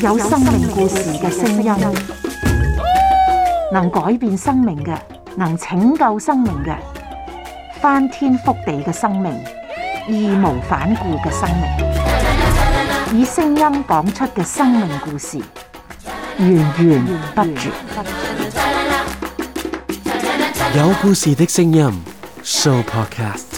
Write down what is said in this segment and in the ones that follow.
有生命故事嘅聲音，能改變生命嘅，能拯救生命嘅，翻天覆地嘅生命，義無反顧嘅生命，以聲音講出嘅生命故事，源源不絕。有故事嘅聲音，Show Podcast。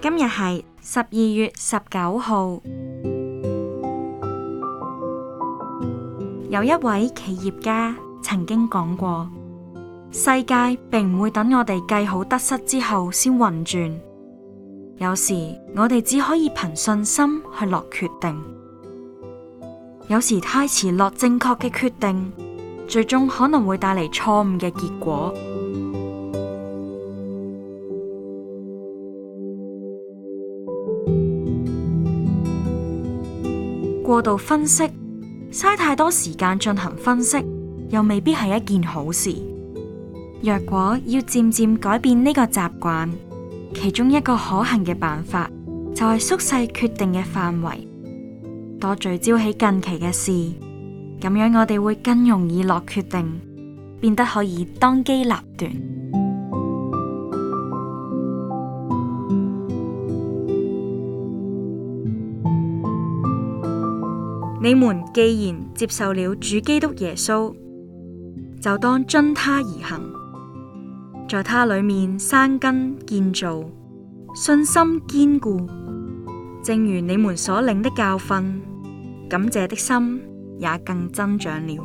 今日係十二月十九號，有一位企業家曾經講過：世界並唔會等我哋計好得失之後先運轉，有時我哋只可以憑信心去落決定，有時太遲落正確嘅決定，最終可能會帶嚟錯誤嘅結果。過度分析，嘥太多時間進行分析，又未必係一件好事。若果要漸漸改變呢個習慣，其中一個可行嘅辦法，就係縮細決定嘅範圍，多聚焦喺近期嘅事，咁樣我哋會更容易落決定，變得可以當機立斷。你們既然接受了主基督耶穌，就當遵他而行，在他裏面生根建造，信心堅固。正如你們所領的教訓，感謝的心也更增長了。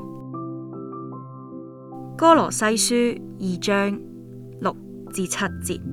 歌羅西書二章六至七節。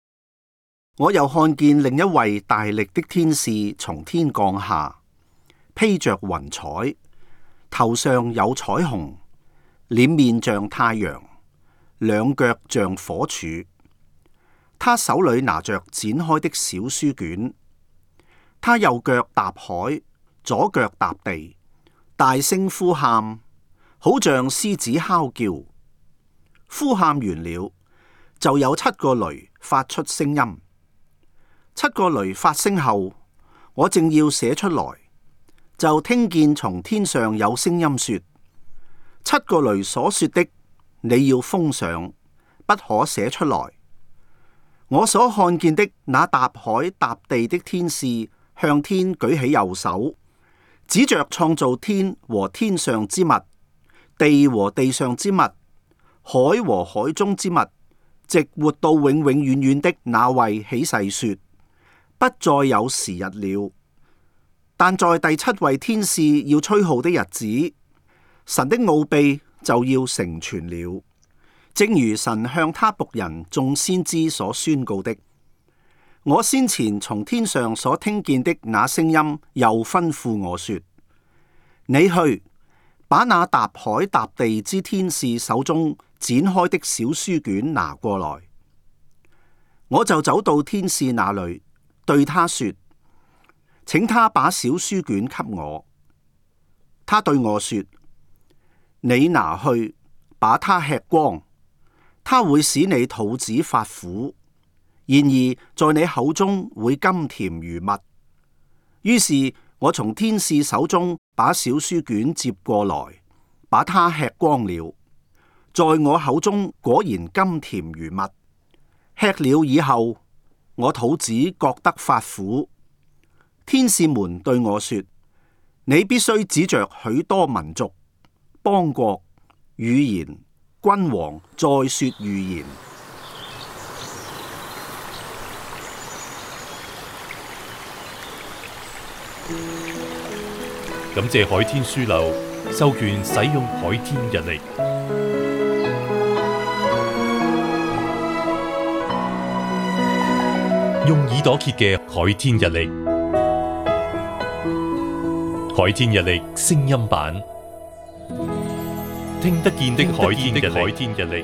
我又看見另一位大力的天使從天降下，披着雲彩，頭上有彩虹，臉面像太陽，兩腳像火柱。他手裏拿着展開的小書卷，他右腳踏海，左腳踏地，大聲呼喊，好像獅子哮叫。呼喊完了，就有七個雷發出聲音。七個雷發聲後，我正要寫出來，就聽見從天上有聲音說：七個雷所說的，你要封上，不可寫出來。我所看見的那踏海踏地的天使，向天舉起右手，指着創造天和天上之物、地和地上之物、海和海中之物，直活到永永遠遠的那位起誓說。不再有時日了，但在第七位天使要吹號的日子，神的奧秘就要成全了，正如神向他僕人眾先知所宣告的。我先前從天上所聽見的那聲音又吩咐我說：你去把那踏海踏地之天使手中展開的小書卷拿過來。我就走到天使那裏。對他說，請他把小書卷給我。他對我說：你拿去把它吃光，它會使你肚子發苦；然而在你口中會甘甜如蜜。於是，我從天使手中把小書卷接過來，把它吃光了。在我口中果然甘甜如蜜。吃了以後，我肚子覺得發苦，天使們對我說：你必須指着許多民族、邦國、語言、君王，再說預言。感謝海天書樓授權使用海天日曆。用耳朵揭嘅《海天日曆》，《海天日曆》聲音版，聽得見的《海天日曆》。